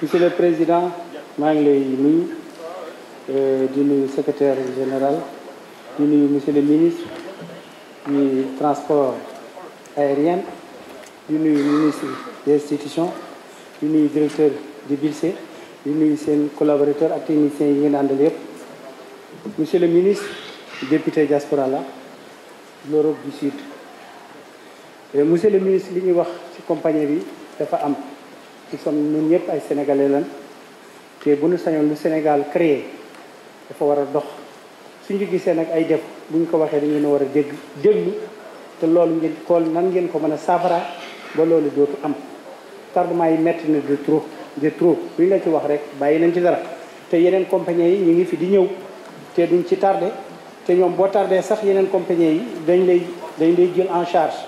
monsieur le président je ngi euh, secrétaire général monsieur le ministre du transport aérien Monsieur le ministre des institutions Monsieur le directeur du BILCE, Monsieur le collaborateur et technicien yi monsieur le ministre député diaspora de l'Europe du Sud monsieur le ministre li ñuy wax ci compagnie bi dafa am ci son ñun ñëpp ay sénégalais lan te bu nu sañoon lu Sénégal créer dafa war a dox suñu gisee nag ay def bu ñu ko waxee dañu leen war a dégg déglu te loolu ngeen kool nan ngeen ko mën a saafara ba loolu dootu am tardement yi métti na de trop de trop bu ñu la ci wax rek bàyyi nañ ci dara te yeneen compagnie yi ñu ngi fi di ñëw te duñ ci tardé te ñoom boo tardee sax yeneen compagnie yi dañ lay dañ lay jël en charge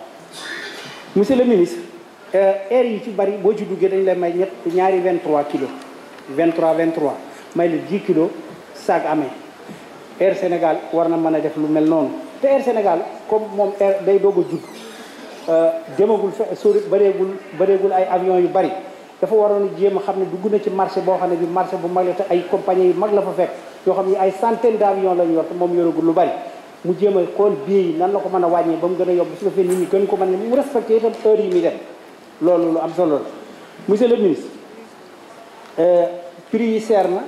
monsieur le ministre euh, air yi ci bari boo ci duggee dañ lay may ñett ñaari 23 kilos 23 23 may la 10 kilo saag amee air Sénégal war na mën a def lu mel noonu te air Sénégal comme moom air day doog a judd euh, demagul fe sori bareegul bareegul ay avion yu bari dafa waroon jéem a xam ne dugg na ci marché boo xam ne bi marché bu mag la te ay compagnie yu mag la fa fekk yoo xam ne ay centaine d' avion lañu yor te moom yoragul lu bari mu jéem a xool biir yi nan la ko mën a wàññee ba mu gën a yomb si ko fee nit ñi gën ko mën mu respecté itam heure yi muy dem loolu lu am solo la monsieur le ministre euh, prix yi seer na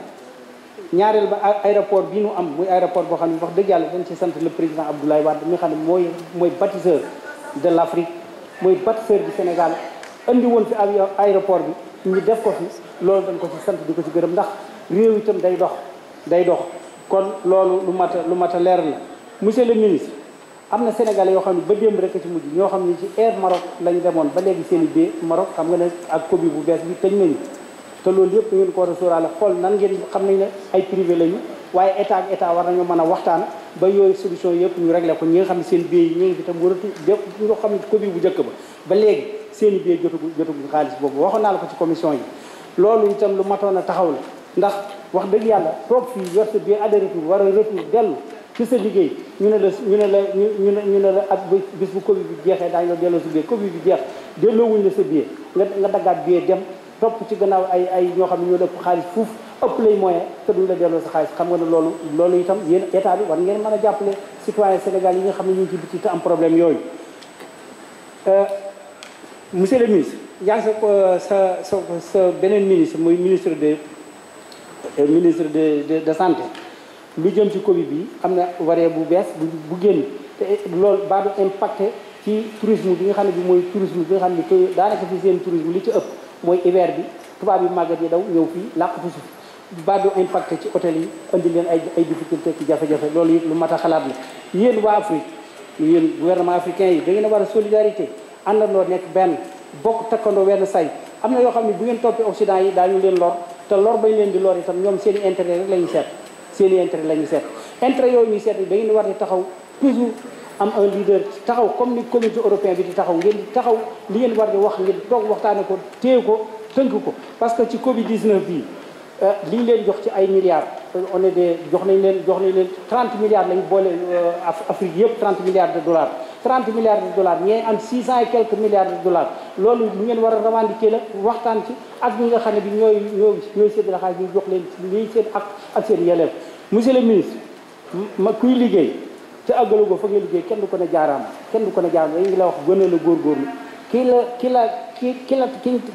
ñaareel ba aéroport bi ñu am muy aéroport boo xam ne wax dëgg yàlla dañ ci sant le président Abdoulaye Wade mi nga xam ne mooy mooy bâtisseur de l' Afrique mooy bâtisseur bi Sénégal andi woon fi avion aéroport bi ñu def ko fi loolu dañ ko ci sant di ko ci gërëm ndax réew tam day dox day dox kon loolu lu mat lu mat a leer la monsieur le ministre am na sénégalais yoo xam ne ba démb rek ci mujj ñoo xam ne ci air Maroc lañ demoon ba léegi seen i bee Maroc xam nga ne ak Covid bu bees bi tëj nañu te loolu yëpp ngeen ko war a sóoraale xool nan ngeen xam nañ ne ay privé lañu waaye état ak war nañoo mën a waxtaan ba yooyu solution yëpp ñu réglé ko ñi nga xam ne seen bee yi ñu ngi fi tam waratu yëpp ñoo xam ne Covid bu njëkk ba ba léegi seen i bee jotagu jotaguñ xaalis boobu waxoon naa la ko ci commission yi loolu itam lu matoon a taxaw la ndax wax dëgg yàlla toog fii yor sa bee adhéré war a retour dellu ci sa liggéey ñu ne la ñu ne la ñu ne ñu ne la ak bis bu Covid bi jeexee daañu la delloo sa biir Covid bi jeex delloo wuñ la sa biir nga nga daggaat biir dem topp ci gannaaw ay ay ñoo xam ne ñoo ëpp xaalis fuuf ëpp lay moyen te duñ la delloo sa xaalis xam nga ne loolu loolu itam yéen état bi war ngeen mën a jàppale citoyen Sénégal yi nga xam ne ñu ngi ci biti te am problème yooyu euh, monsieur le ministre yaa ngi sa sa sa sa beneen ministre muy ministre de euh, ministre de de santé lu jëm ci Covid bi am na waree bu bees bu bu génn te loolu baa du impacté ci tourisme bi nga xam ne bi mooy tourisme bi nga xam ne que daanaka fi seen tourisme li ci ëpp mooy hiver bi tubaab yi màggat yi daw ñëw fii làqatu suuf baa du impacté ci hôtel yi indi leen ay ay difficulté ci jafe-jafe loolu it lu mat a xalaat la yéen waa Afrique yéen gouvernement africain yi da a war a solidarité àndandoo nekk benn bokk takkandoo wenn say am na yoo ne bu ngeen toppee Occident yi daañu leen lor te lor bañ leen di lor itam ñoom seen i intérêt rek la ñu seeni intérêt la ñuy seet intérêt yooyu ñuy seet da ngeen war di taxaw toujours am un leader taxaw comme ni comité européen bi di taxaw ngeen di taxaw li ngeen war di wax ngeen toog waxtaane ko téye ko tënk ko parce que ci Covid 19 bii euh, li ñu leen jox ci ay milliards on est jox nañ leen jox nañ leen 30 milliards lañ boole euh, Afrique yëpp 30 milliards de dollars 30 milliards de dollars ñee am 600 et quelques milliards de dollars loolu lu ngeen war a revendiquer la waxtaan ci ak ñi nga xam ne bi ñooy ñooy ñooy séddale xaalis ñu jox leen lii seen ak ak seen yelleef monsieur le ministre ma kuy liggéey te ko fa nga liggéey kenn du ko ne jaaraama kenn du ko ne jaaraama dañu ngi la wax gën a la góorgóorlu ki la ki la ki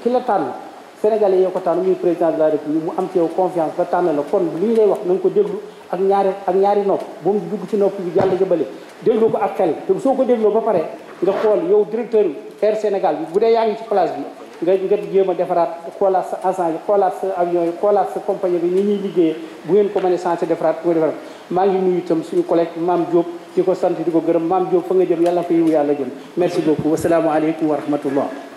ki la la sénégal yoo ko tànn muy président de la république mu am ci yow confiance ba tànn la kon li ñu lay wax na nga ko déglu ak ñaari ak ñaari nopp bu mu dugg ci nopp bi jàll jëbale déglu ko ak xel te ko dégloo ba pare nga xool yow directeur Air Sénégal bi bu dee yaa ngi ci place bi nga nga jéem a defaraat xoolaat sa agent yi xoolaat sa avion yi xoolaat sa compagnie bi ni ñuy liggéeye bu ngeen ko mënee changé defaraat bu ko maa ngi nuyu itam suñu collègue Mame Diop di ko sant di ko gërëm maam Diop fa nga jëm yàlla fa yiw yàlla jëm merci beaucoup wasalaamaaleykum wa